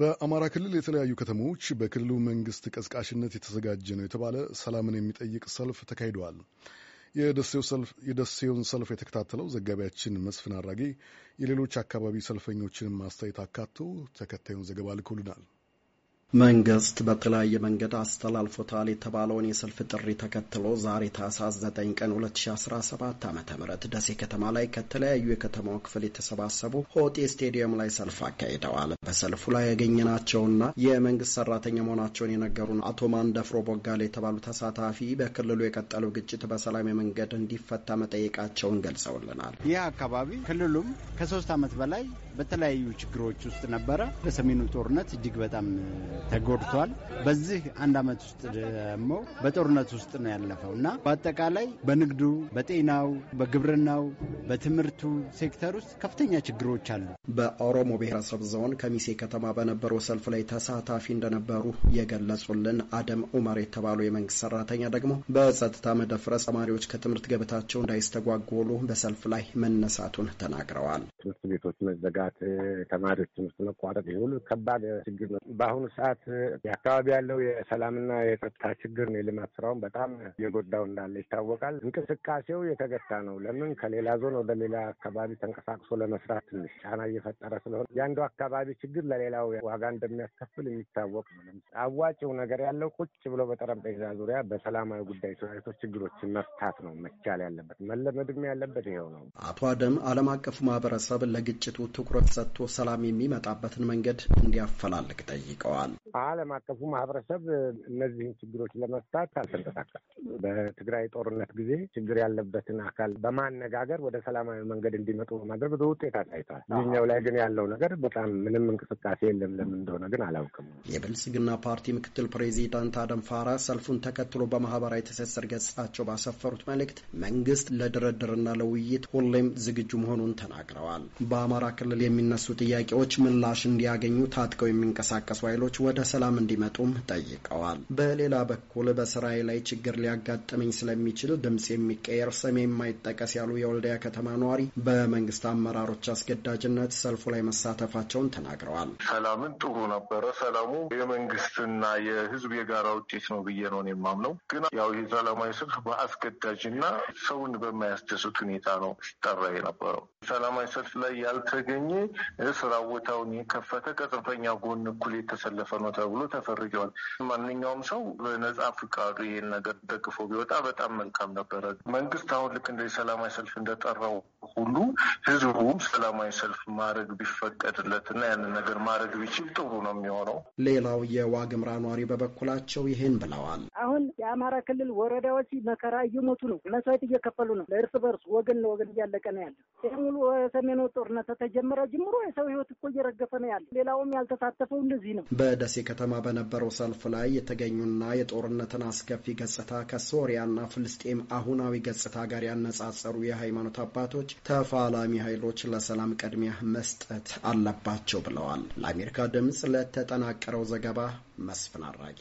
በአማራ ክልል የተለያዩ ከተሞች በክልሉ መንግስት ቀስቃሽነት የተዘጋጀ ነው የተባለ ሰላምን የሚጠይቅ ሰልፍ ተካሂደዋል። የደሴውን ሰልፍ የተከታተለው ዘጋቢያችን መስፍን አራጌ የሌሎች አካባቢ ሰልፈኞችን ማስተያየት አካቶ ተከታዩን ዘገባ ልኮልናል። መንግስት በተለያየ መንገድ አስተላልፎታል የተባለውን የሰልፍ ጥሪ ተከትሎ ዛሬ ታህሳስ 9 ቀን 2017 ዓ ም ደሴ ከተማ ላይ ከተለያዩ የከተማው ክፍል የተሰባሰቡ ሆጤ ስቴዲየም ላይ ሰልፍ አካሂደዋል። በሰልፉ ላይ ያገኘናቸውና የመንግስት ሰራተኛ መሆናቸውን የነገሩን አቶ ማንደፍሮ ቦጋል የተባሉ ተሳታፊ በክልሉ የቀጠለው ግጭት በሰላም መንገድ እንዲፈታ መጠየቃቸውን ገልጸውልናል። ይህ አካባቢ ክልሉም ከሶስት ዓመት በላይ በተለያዩ ችግሮች ውስጥ ነበረ። በሰሜኑ ጦርነት እጅግ በጣም ተጎድቷል። በዚህ አንድ ዓመት ውስጥ ደግሞ በጦርነት ውስጥ ነው ያለፈው እና በአጠቃላይ በንግዱ፣ በጤናው፣ በግብርናው፣ በትምህርቱ ሴክተር ውስጥ ከፍተኛ ችግሮች አሉ። በኦሮሞ ብሔረሰብ ዞን ከሚሴ ከተማ በነበረው ሰልፍ ላይ ተሳታፊ እንደነበሩ የገለጹልን አደም ኡመር የተባሉ የመንግስት ሰራተኛ ደግሞ በጸጥታ መደፍረስ ተማሪዎች ከትምህርት ገበታቸው እንዳይስተጓጎሉ በሰልፍ ላይ መነሳቱን ተናግረዋል። ትምህርት ቤቶች መዘጋት፣ ተማሪዎች ትምህርት መቋረጥ ሁሉ ከባድ ችግር ነው በአሁኑ ሰዓት ሰዓት የአካባቢ ያለው የሰላምና የጸጥታ ችግር ነው የልማት ስራውን በጣም የጎዳው እንዳለ ይታወቃል። እንቅስቃሴው የተገታ ነው። ለምን ከሌላ ዞን ወደ ሌላ አካባቢ ተንቀሳቅሶ ለመስራት ትንሽ ጫና እየፈጠረ ስለሆነ የአንዱ አካባቢ ችግር ለሌላው ዋጋ እንደሚያስከፍል የሚታወቅ ነው። አዋጭው ነገር ያለው ቁጭ ብሎ በጠረጴዛ ዙሪያ በሰላማዊ ጉዳይ ተወያይቶ ችግሮችን መፍታት ነው መቻል ያለበት መለመድም ያለበት ይኸው ነው። አቶ አደም ዓለም አቀፉ ማህበረሰብ ለግጭቱ ትኩረት ሰጥቶ ሰላም የሚመጣበትን መንገድ እንዲያፈላልግ ጠይቀዋል። ዓለም አቀፉ ማህበረሰብ እነዚህን ችግሮች ለመፍታት አልተንቀሳቀሰም። በትግራይ ጦርነት ጊዜ ችግር ያለበትን አካል በማነጋገር ወደ ሰላማዊ መንገድ እንዲመጡ በማድረግ ብዙ ውጤት አሳይቷል። ይህኛው ላይ ግን ያለው ነገር በጣም ምንም እንቅስቃሴ የለም። ለምን እንደሆነ ግን አላውቅም። የብልጽግና ፓርቲ ምክትል ፕሬዚዳንት አደም ፋራ ሰልፉን ተከትሎ በማህበራዊ ትስስር ገጻቸው ባሰፈሩት መልእክት መንግስት ለድርድርና ለውይይት ሁሌም ዝግጁ መሆኑን ተናግረዋል። በአማራ ክልል የሚነሱ ጥያቄዎች ምላሽ እንዲያገኙ ታጥቀው የሚንቀሳቀሱ ኃይሎች ወደ ሰላም እንዲመጡም ጠይቀዋል። በሌላ በኩል በስራዬ ላይ ችግር ሊያጋጥመኝ ስለሚችል ድምፅ የሚቀየር ስሜ የማይጠቀስ ያሉ የወልዲያ ከተማ ነዋሪ በመንግስት አመራሮች አስገዳጅነት ሰልፉ ላይ መሳተፋቸውን ተናግረዋል። ሰላምን ጥሩ ነበረ። ሰላሙ የመንግስትና የህዝብ የጋራ ውጤት ነው ብዬ ነው የማምነው። ግን ያው የሰላማዊ ሰልፍ በአስገዳጅና ሰውን በማያስደስት ሁኔታ ነው ሲጠራ የነበረው። ሰላማዊ ሰልፍ ላይ ያልተገኘ ስራ ቦታውን የከፈተ ከጽንፈኛ ጎን እኩል የተሰለፈ ነው ተብሎ ተፈርጀዋል። ማንኛውም ሰው በነጻ ፍቃዱ ይሄን ነገር ተደግፎ ቢወጣ በጣም መልካም ነበረ። መንግስት አሁን ልክ እንደ ሰላማዊ ሰልፍ እንደጠራው ሁሉ ህዝቡም ሰላማዊ ሰልፍ ማድረግ ቢፈቀድለት እና ያንን ነገር ማድረግ ቢችል ጥሩ ነው የሚሆነው። ሌላው የዋግምራ ኗሪ በበኩላቸው ይህን ብለዋል። አሁን የአማራ ክልል ወረዳዎች መከራ እየሞቱ ነው፣ መስዋዕት እየከፈሉ ነው። ለእርስ በርስ ወገን ለወገን እያለቀ ነው ያለ። ይህ ሙሉ ሰሜኑ ጦርነት ተጀመረ ጀምሮ የሰው ህይወት እኮ እየረገፈ ነው ያለ። ሌላውም ያልተሳተፈው እንደዚህ ነው። በደሴ ከተማ በነበረው ሰልፍ ላይ የተገኙና የጦርነትን አስከፊ ገጽታ ከሶሪያና ፍልስጤም አሁናዊ ገጽታ ጋር ያነጻጸሩ የሃይማኖት አባቶች ተፋላሚ ኃይሎች ለሰላም ቅድሚያ መስጠት አለባቸው ብለዋል። ለአሜሪካ ድምፅ ለተጠናቀረው ዘገባ መስፍን አራጌ